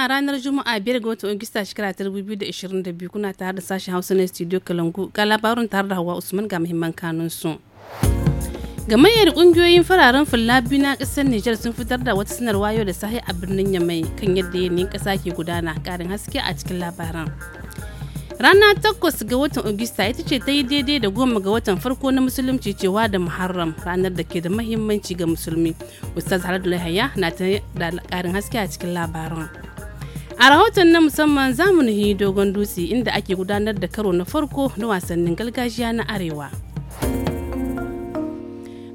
Kuna ranar Juma'a biyar ga wata ogista shekara ta biyu kuna tare da sashen Hausa na Studio Kalangu ga labarin tare da Hawa Usman ga muhimman kanun su. Gamayyar kungiyoyin fararen fulla biyu na kasar Nijar sun fitar da wata sanarwa yau da sahi a birnin Yamai kan yadda yanayin ƙasa ke gudana ƙarin haske a cikin labaran. Rana takwas ga watan ogista ita ce ta yi daidai da goma ga watan farko na musulunci cewa da Muharram ranar da ke da mahimmanci ga musulmi. Ustaz Haladu Yahaya na ta da ƙarin haske a cikin labaran. a rahoton na musamman zamu nuhi dogon dutse inda ake gudanar da karo na farko na wasannin gargajiya na arewa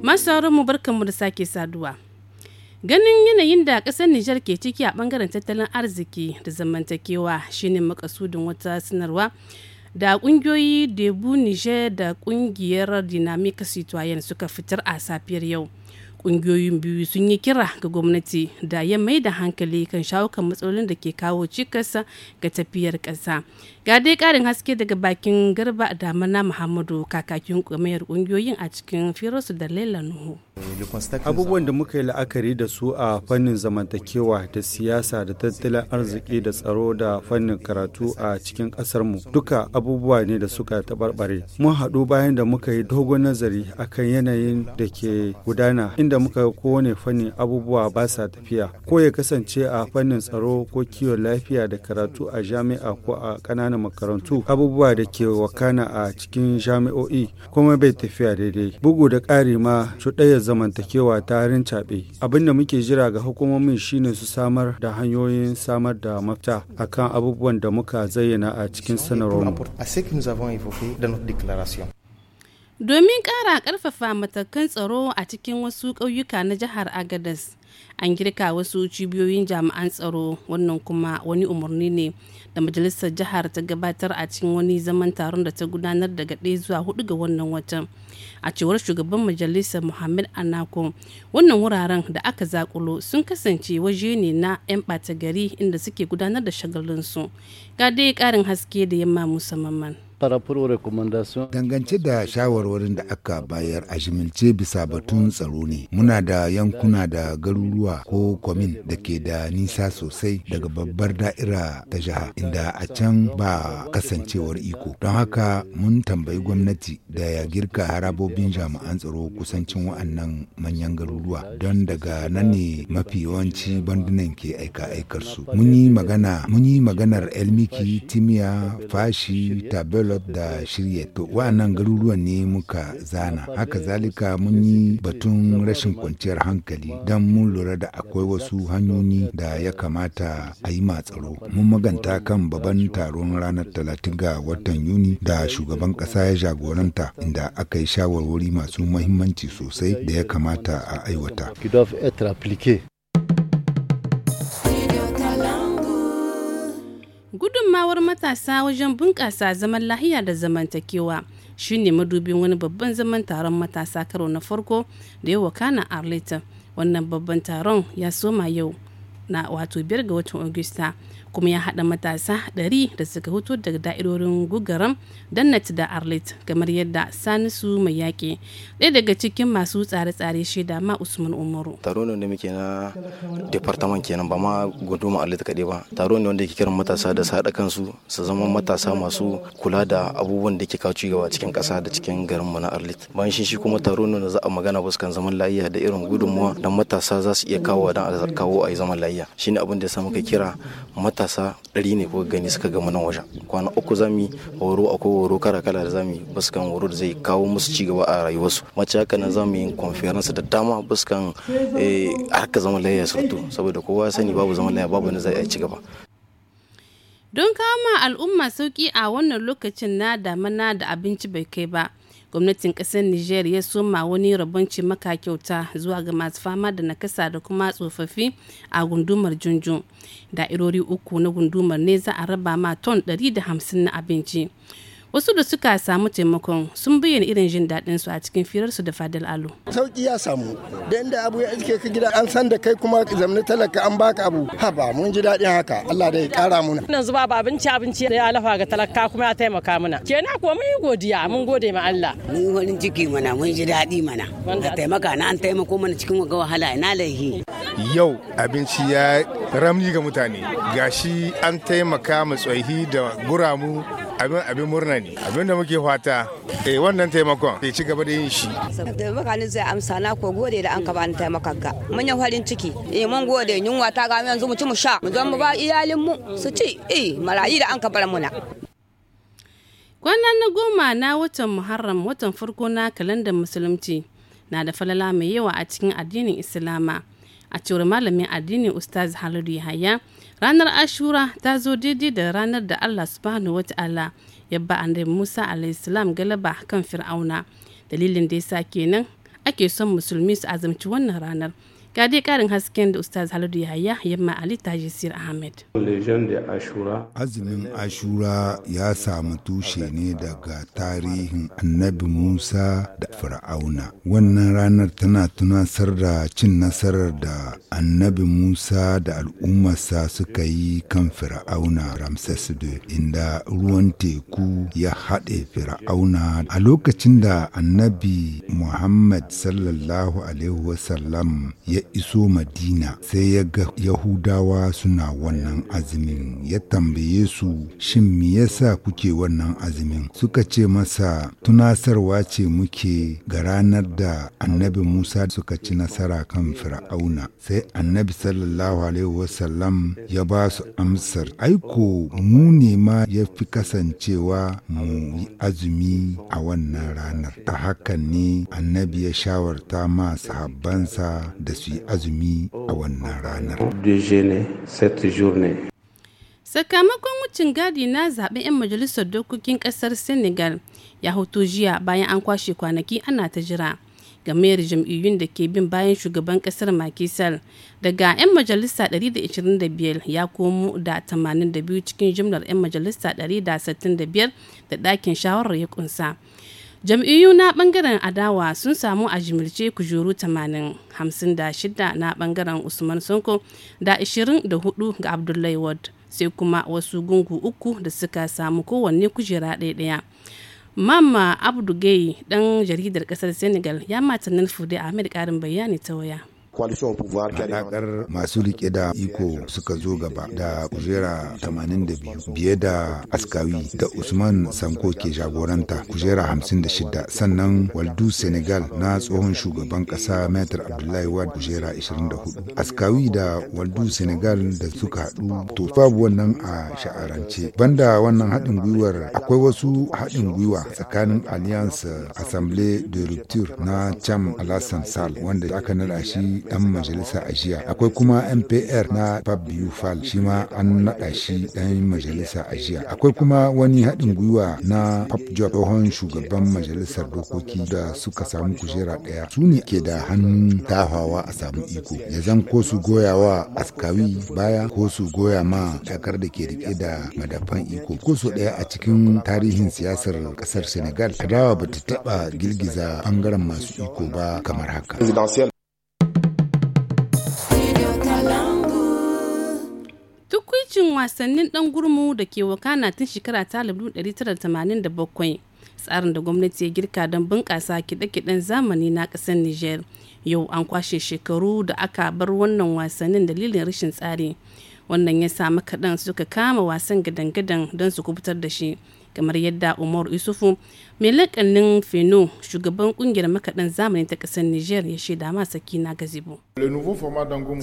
masu mu barkanmu da sake saduwa ganin yanayin da kasar Nijar ke ciki a bangaren tattalin arziki da zamantakewa shine makasudin wata sanarwa da ƙungiyoyi, debu Nijar da kungiyar Dynamic Citoyen suka fitar a safiyar yau. kungiyoyin biyu sun yi kira ga gwamnati da ya mai da hankali kan shawo matsalolin da ke kawo cikas ga tafiyar ƙasa ga dai karin haske daga bakin garba damana muhammadu kakakin kwamayar ƙungiyoyin a cikin firosu da laila nuhu abubuwan da muka yi la'akari da su a fannin zamantakewa da siyasa da tattalin arziki da tsaro da fannin karatu a cikin mu duka abubuwa ne da suka taɓarɓare mun haɗu bayan da muka yi dogon nazari akan yanayin da ke gudana inda muka kowane fannin abubuwa ba sa tafiya ko ya kasance a fannin tsaro ko kiwon lafiya da karatu a jami'a ko a ƙananan ƙananan makarantu abubuwa da ke wakana a cikin jami'o'i kuma bai tafiya daidai bugu da ƙari ma cuɗayar zamantakewa ta harin caɓe abin da muke jira ga hukumomin shine su samar da hanyoyin samar da mafita akan abubuwan da muka zayyana a cikin sanarwar domin ƙara ƙarfafa matakan tsaro a cikin wasu ƙauyuka na jihar agadas an girka wasu cibiyoyin jami'an tsaro wannan kuma wani umarni ne da majalisar jihar ta gabatar a cikin wani zaman taron da ta gudanar daga ɗaya zuwa hudu ga wannan watan a cewar shugaban majalisar muhammad anako wannan wuraren da aka zakulo sun kasance waje ne na 'yan ɓata gari inda suke gudanar da shagalinsu ga dai ƙarin haske da yamma musamman Dangance da shawarwarin da aka bayar a jimilce bisa batun tsaro ne, muna da yankuna da garuruwa ko kwamin da ke da nisa sosai daga babbar da'ira ta jiha inda a can ba kasancewar iko. Don haka mun tambayi gwamnati da ya girka harabobin jami'an tsaro kusancin wa'annan manyan garuruwa don daga nan ne mafi yawanci bandunan ke aika aikarsu. Mun yi maganar Elmiki, Timiya, Fashi, Tabel develop da shirya To wa'annan garuruwan ne muka zana. Haka zalika mun yi batun rashin kwanciyar hankali don mun lura da akwai wasu hanyoyi da ya kamata a yi matsaro. Mun maganta kan babban taron ranar talatin ga watan Yuni da shugaban kasa ya jagoranta inda aka yi shawarwari masu muhimmanci sosai da ya kamata a aiwata. gudunmawar matasa wajen bunƙasa zaman lahiya da zamantakewa shine madubin wani babban zaman taron matasa karo na farko da ya wakana arlington wannan babban taron ya soma yau na wato biyar ga watan augusta kuma ya haɗa matasa ɗari da suka hutu daga da'irorin gugaram dannat da arlit kamar yadda su mai yaƙi ɗaya daga cikin masu tsare-tsare shaida ma usman umaru taro ne da muke na departament kenan ba ma gunduma arlit kaɗai ba taro ne wanda ke kiran matasa da su kansu su zama matasa masu kula da abubuwan da ke kawo cigaba cikin ƙasa da cikin garin mu na arlit bayan shi shi kuma taro ne da za a magana ba su kan zaman lafiya da irin gudunmuwa don matasa za su iya kawo don a kawo a yi zaman lafiya shine abin da ya sa muka kira matasa kasa ɗari ne ko gani suka gama nan wajen kwana uku zami horo akwai horo kala kala da zami buskan horo da zai kawo musu ci gaba a rayuwarsu mace haka nan zamu yin conference da dama buskan eh, harka zama layya surtu saboda kowa sani babu zama layya babu na zai ci gaba don kama al'umma sauki a wannan lokacin na damana da abinci bai kai ba gwamnatin kasar niger ya soma wani rabon cimaka kyauta zuwa ga masu fama da nakasa da kuma tsofaffi a gundumar junjun da'irori uku na gundumar ne za a raba ma ton 150 na abinci wasu da suka samu taimakon sun bayyana irin jin daɗin su a cikin firarsu da fadal alu sauki ya samu da inda abu ya iske ka gida an san da kai kuma zamani talaka an baka abu haba mun ji daɗin haka Allah da ya ƙara muna nan zuba ba abinci abinci da ya lafa ga talaka kuma ya taimaka mana kenan ko mun yi godiya mun gode ma Allah mun farin ciki mana mun ji daɗi mana a taimaka na an taimako mana cikin waga wahala ina laihi yau abinci ya ramni ga mutane gashi an taimaka mu tsohi da guramu abin abin murna ne abin da muke fata eh wannan taimakon ya ci gaba da yin shi da ne zai amsa na ko gode da an ka bani taimakon ga mun yi farin ciki eh mun gode yunwa ta ga yanzu mu ci mu sha mu zan mu ba iyalin mu su ci eh marayi da an ka bar muna Wannan na goma na watan muharram watan farko na kalandar musulunci na da falala mai yawa a cikin addinin islama a cewar malamin addinin ustaz haladu yahaya ranar ashura ta zo daidai da ranar da allah subhanahu wa ta'ala ya ba annabi musa alaihissalam galaba kan fir'auna dalilin da yasa kenan ake son musulmi su azamci wannan ranar ga dai karin hasken da ustaz haladu yaya yamma ali tajisir ahmed azumin ashura ya samu tushe ne daga tarihin annabi musa da fir'auna wannan ranar tana tunasar da cin nasarar da annabi Musa da al'ummarsa suka yi kan Fir'auna Ramses II inda ruwan teku ya haɗe Fir'auna a lokacin da annabi Muhammad sallallahu Alaihi wasallam ya iso Madina sai ya ga Yahudawa suna wannan azumin ya tambaye su shin me yasa kuke wannan azumin suka ce masa tunasarwa ce muke ga ranar da annabi Musa suka ci nasara kan Fir'auna sai annabi sallallahu alaihi wasallam ya ba su amsar aiko mu ne ma ya fi kasancewa mu yi azumi a wannan ranar a hakan ne annabi ya shawarta ma sahabbansa da su yi azumi a wannan ranar sakamakon wucin gadi na zaɓen 'yan majalisar dokokin ƙasar senegal ya hoto jiya bayan an kwashe kwanaki ana ta jira gamayar jam'iyyun da ke bin bayan shugaban kasar makisal daga 'yan majalisa 125 ya komo da 82 cikin jimlar 'yan majalisa 165 da ɗakin shawarar ya kunsa jam'iyyu na ɓangaren adawa sun samu a jimirce kujeru 80 na bangaren usman sonko da 24 ga Abdullai ward sai kuma wasu gungu uku da suka samu kowanne kujera ɗaya-ɗaya mamma abdu Gaye dan jaridar ƙasar senegal ya matannin fude ahmed ƙarin bayani ta waya coalition pouvoir masu rike da iko suka zo gaba da kujera 82 biye da askawi da usman sanko ke jagoranta kujera 56 sannan waldu senegal na tsohon shugaban kasa metr abdullahi wad kujera 24 askawi da waldu senegal da suka haɗu to babu wannan a sha'arance banda wannan haɗin gwiwar akwai wasu haɗin gwiwa tsakanin alliance assemblée de rupture na cham alassane sal wanda aka nada shi yan majalisa a jiya akwai kuma mpr na pap fal shi ma an naɗa shi ɗan majalisa a jiya akwai kuma wani haɗin gwiwa na pap tsohon shugaban majalisar dokoki da suka samu kujera ɗaya su ne ke da hannun tafawa a samu iko ya zan ko su goya wa askawi baya ko su goya ma shakar da ke rike da madafan iko ko su ɗaya a cikin tarihin siyasar ƙasar senegal adawa ba ta taɓa girgiza ɓangaren masu iko ba kamar haka irin wasannin ɗan gurmu da ke wakana tun shekara ta 1987 tsarin da gwamnati ya girka don bunƙasa kiɗe-kiɗen zamani na ƙasar nijar yau an kwashe shekaru da aka bar wannan wasannin dalilin rashin tsari wannan ya sa makaɗan suka kama wasan gadan-gadan don su kubutar da shi kamar yadda umar isufu mai laƙanin feno shugaban ƙungiyar makaɗan zamani ta ƙasar Nijar ya shaida masa na gazebo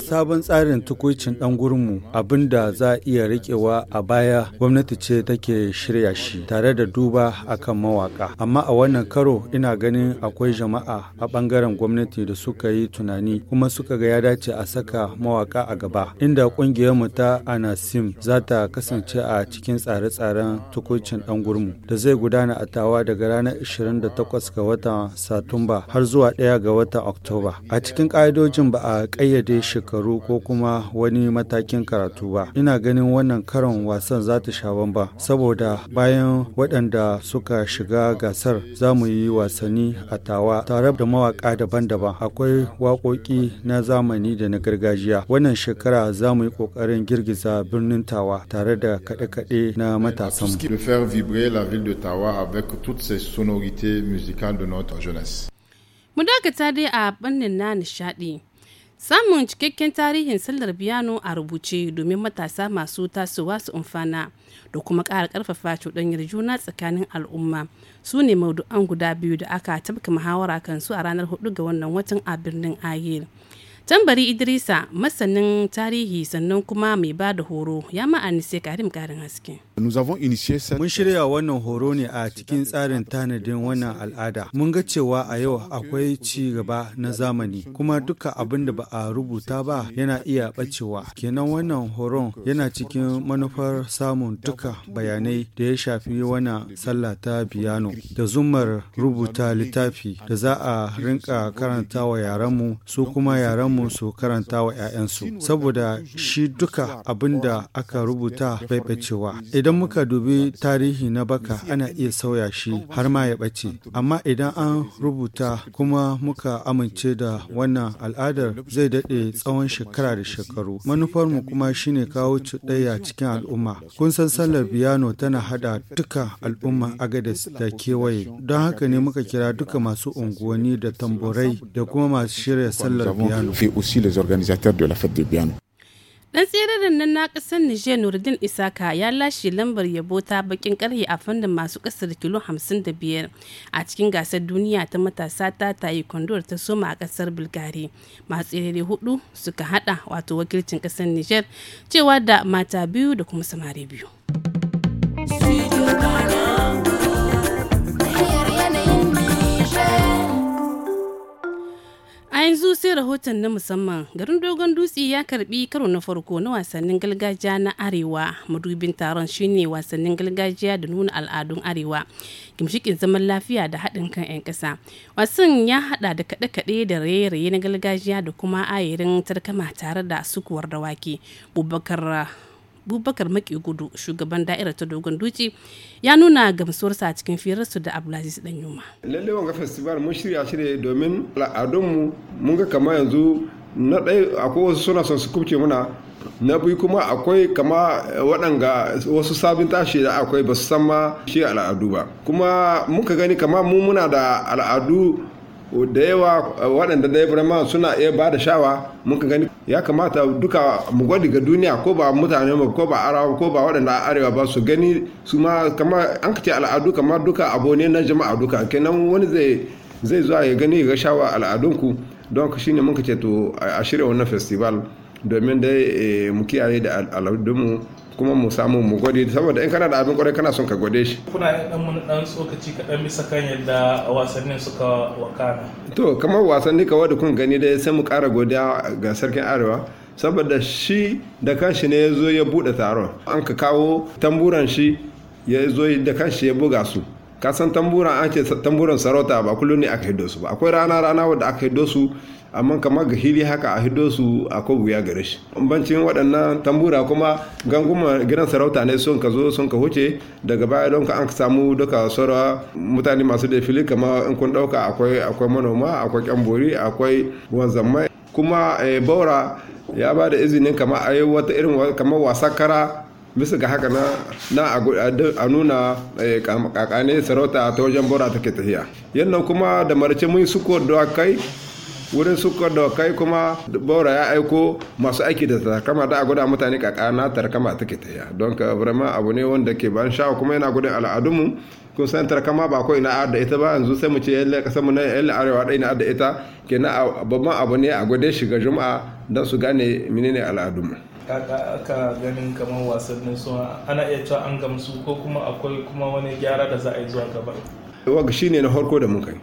Sabon tsarin tukucin ɗan gurmu abin da za a iya riƙewa a baya gwamnati ce take shirya shi tare da duba akan mawaƙa, Amma a wannan karo ina ganin akwai jama'a a ɓangaren gwamnati da suka yi tunani kuma suka ga ya dace a saka mawaƙa a gaba. Inda mu ta Anasim za ta kasance a cikin tsare-tsaren tukucin ɗan gurmu da zai gudana a tawa daga ranar 28 ga watan Satumba har zuwa 1 ga watan Oktoba. A cikin ƙa'idojin ba a ƙayyade shekaru ko kuma wani matakin karatu ba. Ina ganin wannan karon wasan za ta sha bamba saboda bayan waɗanda suka shiga gasar za mu yi wasanni a tawa tare da mawaƙa daban-daban. Akwai waƙoƙi na zamani da na gargajiya. Wannan shekara za mu yi ƙoƙarin girgiza birnin tawa tare da kaɗe-kaɗe na matasan. Mu dakata dai a bannin na nishaɗi. Samun cikakken tarihin sallar biyano a rubuce domin matasa masu tasowa su amfana da kuma ƙara ƙarfafa cuɗanyar juna tsakanin al'umma su ne maudu'an guda biyu da aka tabka muhawara kansu a ranar hudu ga wannan watan a birnin Ayil. Tambari Idrisa masanin tarihi sannan kuma mai ba da horo ya ma'anise Karim Karin Haske. Mun shirya wannan horo ne a cikin tsarin tanadin wannan al'ada. Mun ga cewa a yau akwai ci gaba na zamani kuma duka abin da ba a rubuta ba yana iya bacewa. Kenan wannan horon yana cikin manufar samun duka bayanai da ya shafi wannan sallah ta biyano da zumar rubuta littafi da za a rinka karanta wa yarenmu su kuma yarenmu su karanta wa 'ya'yansu saboda shi duka abin da aka rubuta bai bacewa. Idan muka dubi tarihi na baka ana iya sauya shi har ma ya ɓace. Amma idan an rubuta kuma muka amince da wannan al'adar zai daɗe tsawon shekara da shekaru. Manufarmu kuma shine kawo cuɗayya cikin al'umma. Kun san sallar biyano tana haɗa duka al'umma Agades da kewaye. Don haka ne muka kira duka masu unguwanni da tamborai da kuma masu shirya sallar biyano. dan da nan na kasar niger nuruddin isaka ya lashe lambar yabo ta bakin karhe a fannin masu kasar kilo 55 a cikin gasar duniya ta matasa ta taekwondo ta soma a kasar bulgari masu tsere hudu suka hada wato wakilcin kasar niger cewa da mata biyu da kuma samari biyu cikin rahoton na musamman garin dogon dutse ya karbi karo na farko na wasannin gargajiya na arewa madubin taron shine wasannin gargajiya da nuna al'adun arewa gimshikin zaman lafiya da haɗin kan 'yan ƙasa wasan ya haɗa da kaɗe-kaɗe da raye-raye na gargajiya da kuma ayarin tarkama tare da sukuwar dawaki bubakar bubakar maki gudu shugaban da'ira ta dogon duci ya nuna gamsuwarsa a cikin firarsu da abdulaziz dan yuma lallai wanga festival mun shirya shi ne domin al'adunmu mun ga kama yanzu na ɗaya akwai wasu suna son su kubce muna na biyu kuma akwai kama waɗanga wasu sabin tashi da akwai ba su san ma shi al'adu ba kuma muka gani kama mu muna da al'adu da yawa waɗanda da ya suna iya ba da shawa muka gani ya kamata duka mu gwadi ga duniya ko ba mutane mu ko ba arawa ko ba waɗanda arewa ba su gani su ma kama an kace al'adu kamar duka abu ne na jama'a duka kenan wani zai zai zuwa ya gani ga shawa al'adunku don ka shine mun ce to a shirya wannan festival domin dai eh, mu kiyaye da al'adunmu kuma mu samu mu gode saboda in kana da abin kwarai kana son ka gwade shi kuna dan mun dan tsokaci kaɗan bisa kan yadda wasannin suka wakana to kamar wasanni kawai da kun gani dai sai mu ƙara godiya ga sarkin arewa saboda shi da kanshi ne ya zo ya buɗe taron an ka kawo tamburan shi ya zo da kanshi ya buga su ka san tamburan an ce tamburan sarauta ba kullum ne aka hiddo su ba akwai rana rana wadda aka hiddo su amma kama ga hili haka a hido su a kogu wuya gare shi bancin waɗannan tambura kuma ganguma gidan sarauta ne sun ka zo sun ka huce daga baya don ka an samu duka saura mutane masu da fili kamar in kun ɗauka akwai akwai manoma akwai kyambori akwai wanzamai kuma eh, baura ya ba da izinin kamar a yi wata irin kamar wasa kara bisa ga haka na a nuna eh, kakane sarauta ta wajen bora take tafiya yannan kuma da marce mun suko da kai wurin sukar da kai kuma bora ya aiko masu aiki da tarkama da a gudan mutane kaka na ta ke taya don ka vraiment abu ne wanda ke ban sha kuma yana gudun al'adunmu kun san tarkama ba ko ina da ita ba yanzu sai mu ce yalle kasan mu na yalle arewa da ina da ita kenan babban abu ne a gode shiga juma'a don su gane menene al'adunmu aka ganin kamar wasannin su ana iya cewa an gamsu ko kuma akwai kuma wani gyara da za a yi zuwa gaba shi shine na farko da mun kai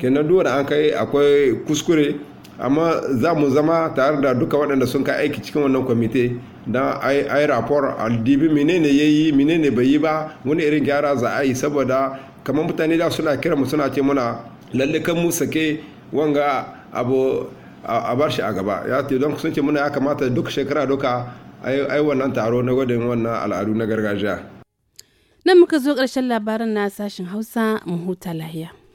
kenan duk an kai akwai kuskure amma za mu zama tare da duka waɗanda sun kai aiki cikin wannan kwamite don ai rapor aldibi menene ya yi menene bai yi ba wani irin gyara za a yi saboda kamar mutane da suna kira mu suna ce muna lalle kan mu sake wanga abu a bar shi a gaba ya ce don sun ce muna ya kamata duk shekara duka ai wannan taro na gwadin wannan al'adu na gargajiya nan muka zo karshen labarin na sashen hausa mu huta lahiya